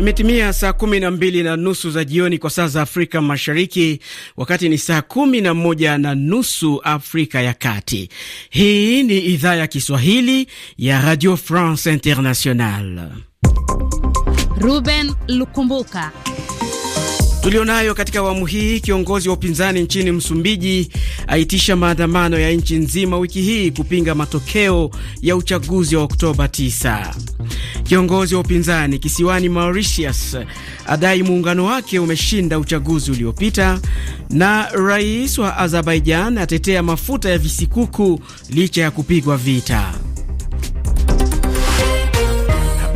Imetimia saa kumi na mbili na nusu za jioni kwa saa za Afrika Mashariki, wakati ni saa kumi na moja na nusu Afrika ya Kati. Hii ni idhaa ya Kiswahili ya Radio France International. Ruben Lukumbuka tulionayo katika awamu hii. Kiongozi wa upinzani nchini Msumbiji aitisha maandamano ya nchi nzima wiki hii kupinga matokeo ya uchaguzi wa Oktoba 9. Kiongozi wa upinzani kisiwani Mauritius adai muungano wake umeshinda uchaguzi uliopita, na rais wa Azerbaijan atetea mafuta ya visikuku licha ya kupigwa vita.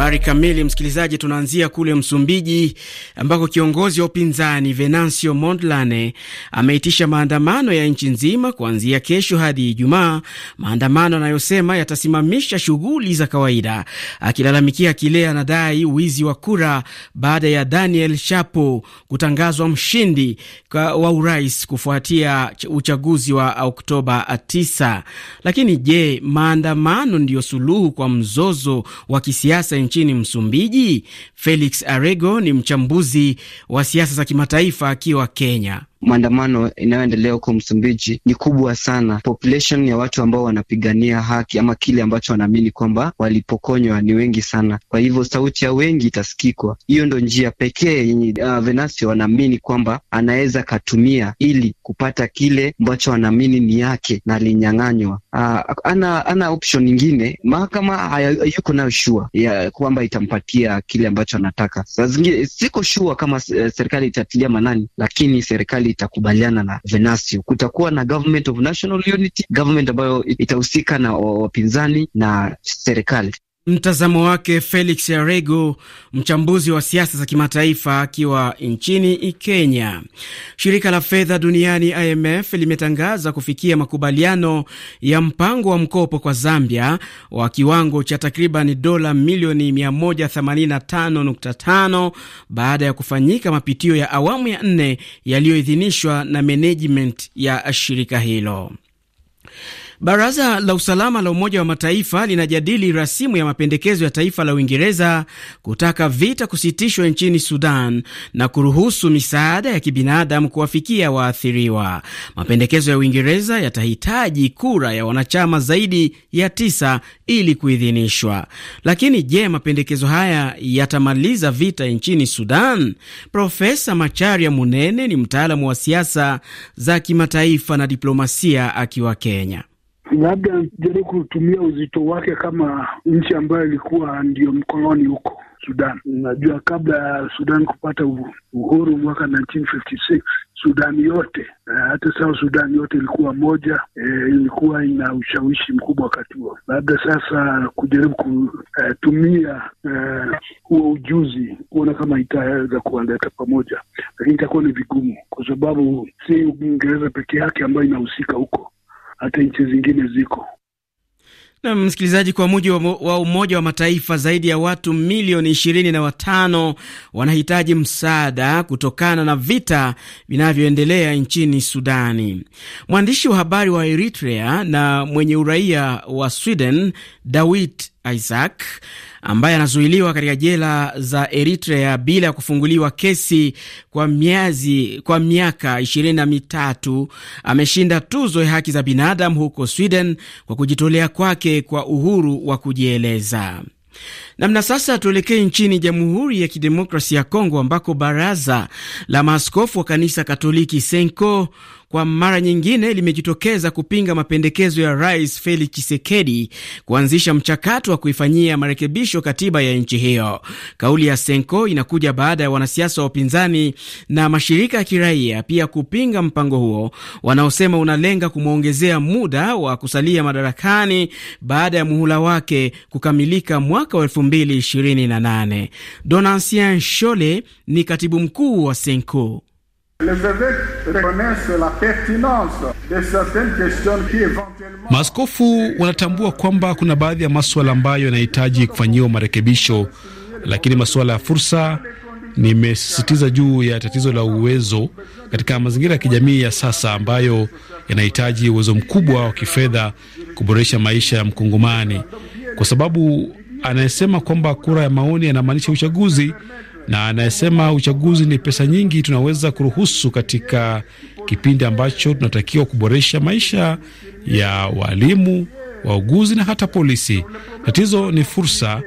Habari kamili, msikilizaji, tunaanzia kule Msumbiji ambako kiongozi wa upinzani Venancio Mondlane ameitisha maandamano ya nchi nzima kuanzia kesho hadi Ijumaa, maandamano anayosema yatasimamisha shughuli za kawaida, akilalamikia kile anadai wizi wa kura baada ya Daniel Chapo kutangazwa mshindi wa urais kufuatia uchaguzi wa Oktoba 9. Lakini je, maandamano ndiyo suluhu kwa mzozo wa kisiasa nchi nchini Msumbiji. Felix Arego ni mchambuzi wa siasa za kimataifa akiwa Kenya maandamano inayoendelea huko Msumbiji ni kubwa sana. Population ya watu ambao wanapigania haki ama kile ambacho wanaamini kwamba walipokonywa ni wengi sana, kwa hivyo sauti ya wengi itasikikwa. Hiyo ndo njia pekee yenye uh, Venancio wanaamini kwamba anaweza akatumia ili kupata kile ambacho wanaamini ni yake na alinyang'anywa. Uh, ana, ana option nyingine, mahakama hayuko nayo shua ya kwamba itampatia kile ambacho anataka. Saa zingine siko shua kama uh, serikali itatilia manani, lakini serikali itakubaliana na Venasio. Kutakuwa na government of national unity, government ambayo itahusika na wapinzani na serikali. Mtazamo wake Felix Arego, mchambuzi wa siasa za kimataifa akiwa nchini Kenya. Shirika la fedha duniani IMF limetangaza kufikia makubaliano ya mpango wa mkopo kwa Zambia wa kiwango cha takriban dola milioni 185.5 baada ya kufanyika mapitio ya awamu ya nne yaliyoidhinishwa na management ya shirika hilo. Baraza la usalama la Umoja wa Mataifa linajadili rasimu ya mapendekezo ya taifa la Uingereza kutaka vita kusitishwa nchini Sudan na kuruhusu misaada ya kibinadamu kuwafikia waathiriwa. Mapendekezo ya Uingereza yatahitaji kura ya wanachama zaidi ya tisa ili kuidhinishwa. Lakini je, mapendekezo haya yatamaliza vita nchini Sudan? Profesa Macharia Munene ni mtaalamu wa siasa za kimataifa na diplomasia akiwa Kenya labda jaribu kutumia uzito wake kama nchi ambayo ilikuwa ndiyo mkoloni huko Sudan. Unajua, kabla ya Sudan kupata uhuru mwaka 1956 Sudani yote eh, hata sao Sudani yote ilikuwa moja e, ilikuwa ina ushawishi mkubwa wakati huo. Labda sasa kujaribu kutumia eh, uh, huo ujuzi kuona kama itaweza kuwaleta pamoja, lakini itakuwa ni vigumu, kwa sababu si Uingereza peke yake ambayo inahusika huko hata nchi zingine ziko na msikilizaji, kwa mujibu wa Umoja wa Mataifa, zaidi ya watu milioni ishirini na watano wanahitaji msaada kutokana na vita vinavyoendelea nchini Sudani. Mwandishi wa habari wa Eritrea na mwenye uraia wa Sweden Dawit Isaac ambaye anazuiliwa katika jela za Eritrea bila ya kufunguliwa kesi kwa miazi, kwa miaka ishirini na mitatu ameshinda tuzo ya haki za binadamu huko Sweden kwa kujitolea kwake kwa uhuru wa kujieleza. Namna sasa, tuelekee nchini Jamhuri ya Kidemokrasia ya Kongo ambako baraza la maaskofu wa kanisa Katoliki Senko kwa mara nyingine limejitokeza kupinga mapendekezo ya Rais Felix Tshisekedi kuanzisha mchakato wa kuifanyia marekebisho katiba ya nchi hiyo. Kauli ya Senko inakuja baada ya wanasiasa wa upinzani na mashirika ya kiraia pia kupinga mpango huo wanaosema unalenga kumwongezea muda wa kusalia madarakani baada ya muhula wake kukamilika mwaka wa 2028. donancien Shole ni katibu mkuu wa Senko. Maaskofu wanatambua kwamba kuna baadhi ya maswala ambayo yanahitaji kufanyiwa marekebisho, lakini masuala ya fursa, nimesisitiza juu ya tatizo la uwezo katika mazingira ya kijamii ya sasa ambayo yanahitaji uwezo mkubwa wa kifedha kuboresha maisha ya Mkongomani, kwa sababu anayesema kwamba kura ya maoni yanamaanisha uchaguzi na anayesema uchaguzi ni pesa nyingi tunaweza kuruhusu katika kipindi ambacho tunatakiwa kuboresha maisha ya walimu, wauguzi na hata polisi. Tatizo ni fursa.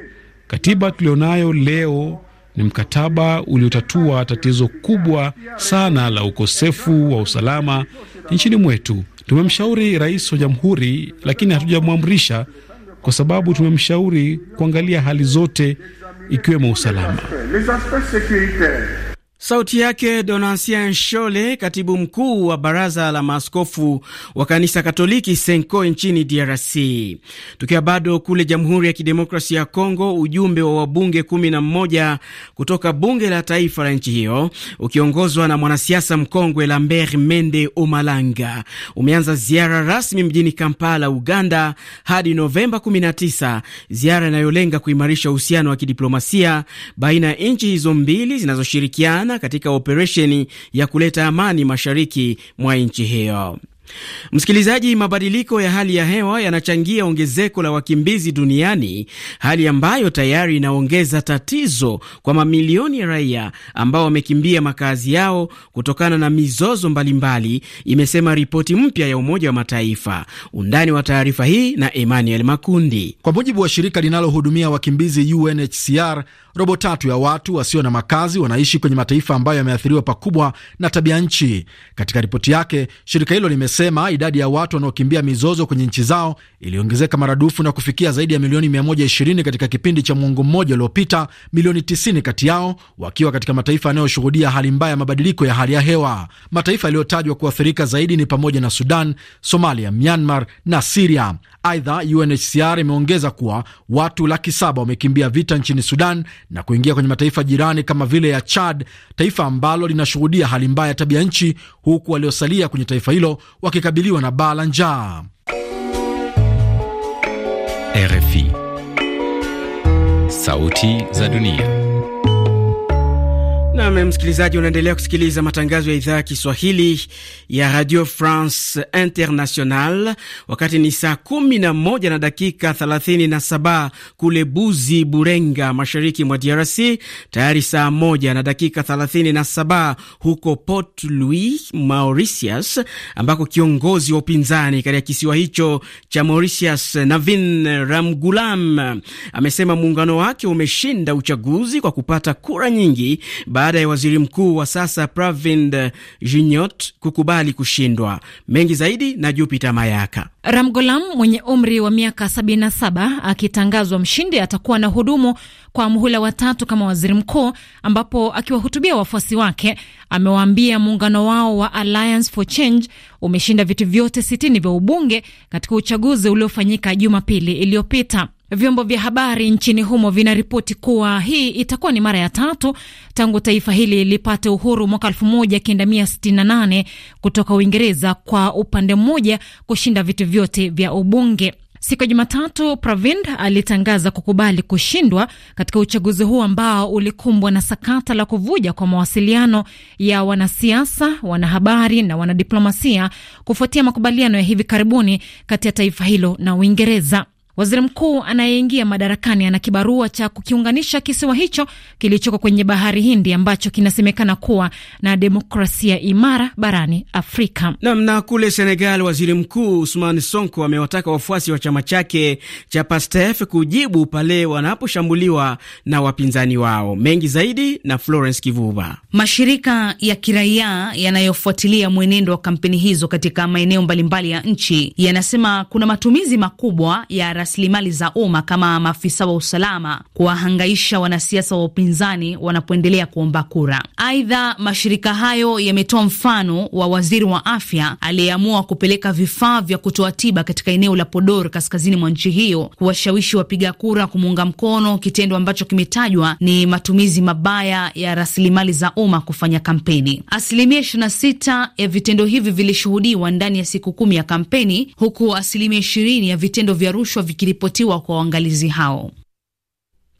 Katiba tulionayo leo ni mkataba uliotatua tatizo kubwa sana la ukosefu wa usalama nchini mwetu. Tumemshauri rais wa jamhuri, lakini hatujamwamrisha, kwa sababu tumemshauri kuangalia hali zote Les aspects sécuritaires Sauti yake donancien Shole, katibu mkuu wa baraza la maaskofu wa kanisa Katoliki Senko nchini DRC. Tukiwa bado kule Jamhuri ya Kidemokrasia ya Kongo, ujumbe wa wabunge 11 kutoka bunge la taifa la nchi hiyo ukiongozwa na mwanasiasa mkongwe Lambert Mende Omalanga umeanza ziara rasmi mjini Kampala, Uganda, hadi Novemba 19, ziara inayolenga kuimarisha uhusiano wa kidiplomasia baina ya nchi hizo mbili zinazoshirikiana sana katika operesheni ya kuleta amani mashariki mwa nchi hiyo. Msikilizaji, mabadiliko ya hali ya hewa yanachangia ongezeko la wakimbizi duniani, hali ambayo tayari inaongeza tatizo kwa mamilioni ya raia ambao wamekimbia makazi yao kutokana na mizozo mbalimbali mbali, imesema ripoti mpya ya Umoja wa Mataifa. Undani wa taarifa hii na Emmanuel Makundi. Kwa mujibu wa shirika linalohudumia wakimbizi UNHCR, robo tatu ya watu wasio na makazi wanaishi kwenye mataifa ambayo yameathiriwa pakubwa na tabia nchi. Katika ripoti yake, shirika hilo limesema amesema idadi ya watu wanaokimbia mizozo kwenye nchi zao iliongezeka maradufu na kufikia zaidi ya milioni 120 katika kipindi cha mwongo mmoja uliopita, milioni 90 kati yao wakiwa katika mataifa yanayoshuhudia hali mbaya ya mabadiliko ya hali ya hewa. Mataifa yaliyotajwa kuathirika zaidi ni pamoja na Sudan, Somalia, Myanmar na Siria. Aidha, UNHCR imeongeza kuwa watu laki saba wamekimbia vita nchini Sudan na kuingia kwenye mataifa jirani kama vile ya Chad, taifa ambalo linashuhudia hali mbaya ya tabia nchi, huku waliosalia kwenye taifa hilo wakikabiliwa na baa la njaa. RFI, Sauti za Dunia nam msikilizaji, unaendelea kusikiliza matangazo ya idhaa ya Kiswahili ya Radio France International. Wakati ni saa kumi na moja na dakika thelathini na saba kule Buzi Burenga, mashariki mwa DRC, tayari saa moja na dakika thelathini na saba huko Port Louis Mauritius, ambako kiongozi wa upinzani katika kisiwa hicho cha Mauritius Navin Ramgulam amesema muungano wake umeshinda uchaguzi kwa kupata kura nyingi baada ya waziri mkuu wa sasa Pravind Jinot kukubali kushindwa. Mengi zaidi na jupita Mayaka. Ramgolam mwenye umri wa miaka 77 akitangazwa mshindi atakuwa na hudumu kwa muhula watatu kama waziri mkuu, ambapo akiwahutubia wafuasi wake amewaambia muungano wao wa Alliance for Change umeshinda viti vyote sitini vya ubunge katika uchaguzi uliofanyika Jumapili iliyopita. Vyombo vya habari nchini humo vinaripoti kuwa hii itakuwa ni mara ya tatu tangu taifa hili lipate uhuru mwaka 1968 kutoka Uingereza, kwa upande mmoja kushinda viti vyote vya ubunge. Siku ya Jumatatu, Pravind alitangaza kukubali kushindwa katika uchaguzi huu ambao ulikumbwa na sakata la kuvuja kwa mawasiliano ya wanasiasa, wanahabari na wanadiplomasia kufuatia makubaliano ya hivi karibuni kati ya taifa hilo na Uingereza. Waziri mkuu anayeingia madarakani ana kibarua cha kukiunganisha kisiwa hicho kilichoko kwenye bahari Hindi ambacho kinasemekana kuwa na demokrasia imara barani Afrika. Nam na kule Senegal, waziri mkuu Usman Sonko amewataka wafuasi wa chama chake cha PASTEF kujibu pale wanaposhambuliwa na wapinzani wao. Mengi zaidi na Florence Kivuva. Mashirika ya kiraia yanayofuatilia mwenendo wa kampeni hizo katika maeneo mbalimbali ya nchi yanasema kuna matumizi makubwa ya rasilimali za umma kama maafisa wa usalama kuwahangaisha wanasiasa wa upinzani wanapoendelea kuomba kura. Aidha, mashirika hayo yametoa mfano wa waziri wa afya aliyeamua kupeleka vifaa vya kutoa tiba katika eneo la Podor kaskazini mwa nchi hiyo kuwashawishi wapiga kura kumuunga mkono, kitendo ambacho kimetajwa ni matumizi mabaya ya rasilimali za umma kufanya kampeni. Asilimia sita ya vitendo hivi vilishuhudiwa ndani ya siku kumi ya kampeni, huku asilimia ishirini ya vitendo vya rushwa zikiripotiwa kwa waangalizi hao.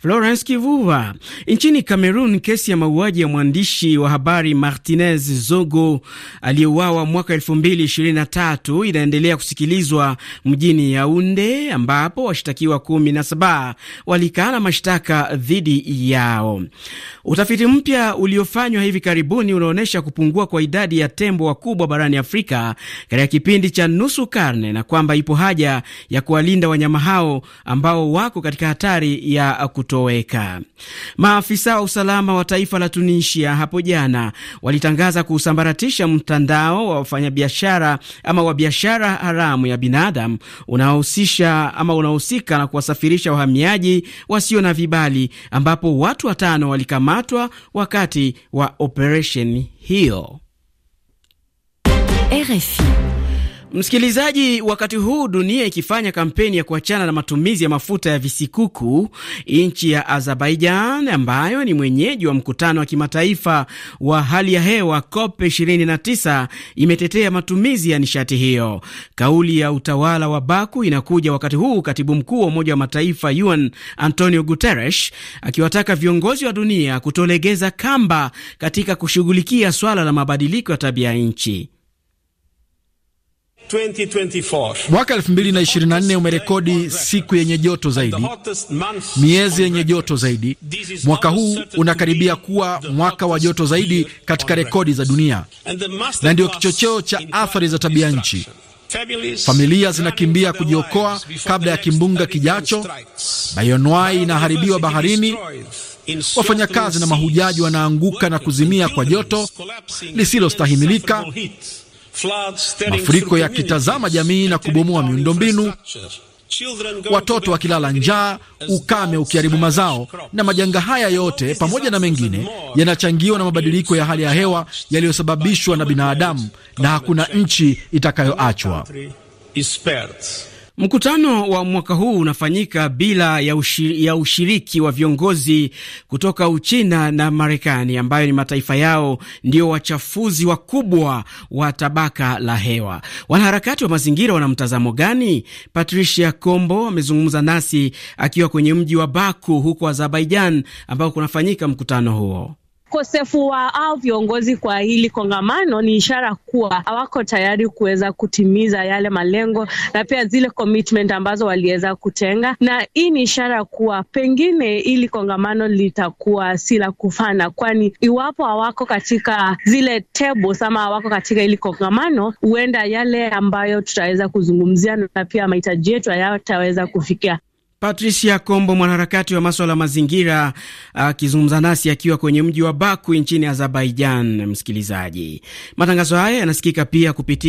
Florence Kivuva. Nchini Kamerun, kesi ya mauaji ya mwandishi wa habari Martinez Zogo aliyeuawa mwaka 2023 inaendelea kusikilizwa mjini Yaunde, ambapo washtakiwa 17 na walikana mashtaka dhidi yao. Utafiti mpya uliofanywa hivi karibuni unaonyesha kupungua kwa idadi ya tembo wakubwa barani Afrika katika kipindi cha nusu karne na kwamba ipo haja ya kuwalinda wanyama hao ambao wako katika hatari ya kutoweka. Maafisa wa usalama wa taifa la Tunisia hapo jana walitangaza kuusambaratisha mtandao wa wafanyabiashara ama wa biashara haramu ya binadamu unaohusisha ama unahusika na kuwasafirisha wahamiaji wasio na vibali, ambapo watu watano walikamatwa wakati wa operesheni hiyo. RFI Msikilizaji, wakati huu dunia ikifanya kampeni ya kuachana na matumizi ya mafuta ya visikuku, nchi ya Azerbaijan ambayo ni mwenyeji wa mkutano wa kimataifa wa hali ya hewa COP 29 imetetea matumizi ya nishati hiyo. Kauli ya utawala wa Baku inakuja wakati huu katibu mkuu wa Umoja wa Mataifa UN Antonio Guterres akiwataka viongozi wa dunia kutolegeza kamba katika kushughulikia swala la mabadiliko ya tabia nchi. 2024. Mwaka 2024 umerekodi siku yenye joto zaidi, miezi yenye joto zaidi. Mwaka huu unakaribia kuwa mwaka wa joto zaidi katika rekodi za dunia, na ndio kichocheo cha athari za tabia nchi. Familia zinakimbia kujiokoa kabla ya kimbunga kijacho. Bayonwai inaharibiwa baharini. Wafanyakazi na mahujaji wanaanguka na kuzimia kwa joto lisilostahimilika mafuriko yakitazama jamii na kubomoa miundombinu, watoto wakilala njaa, ukame ukiharibu mazao. Na majanga haya yote pamoja na mengine yanachangiwa na mabadiliko ya hali ya hewa yaliyosababishwa na binadamu, na hakuna nchi itakayoachwa. Mkutano wa mwaka huu unafanyika bila ya, ushi, ya ushiriki wa viongozi kutoka Uchina na Marekani ambayo ni mataifa yao ndio wachafuzi wakubwa wa tabaka la hewa. Wanaharakati wa mazingira wana mtazamo gani? Patricia Kombo amezungumza nasi akiwa kwenye mji wa Baku huko Azerbaijan ambao kunafanyika mkutano huo. Ukosefu wa au viongozi kwa hili kongamano ni ishara kuwa hawako tayari kuweza kutimiza yale malengo na pia zile commitment ambazo waliweza kutenga, na hii ni ishara kuwa pengine hili kongamano litakuwa si la kufana, kwani iwapo hawako katika zile tables ama hawako katika hili kongamano, huenda yale ambayo tutaweza kuzungumzia na pia mahitaji yetu hayataweza kufikia. Patricia Kombo, mwanaharakati wa maswala ya mazingira, akizungumza nasi akiwa kwenye mji wa Baku nchini Azerbaijan. Msikilizaji, matangazo haya yanasikika pia kupitia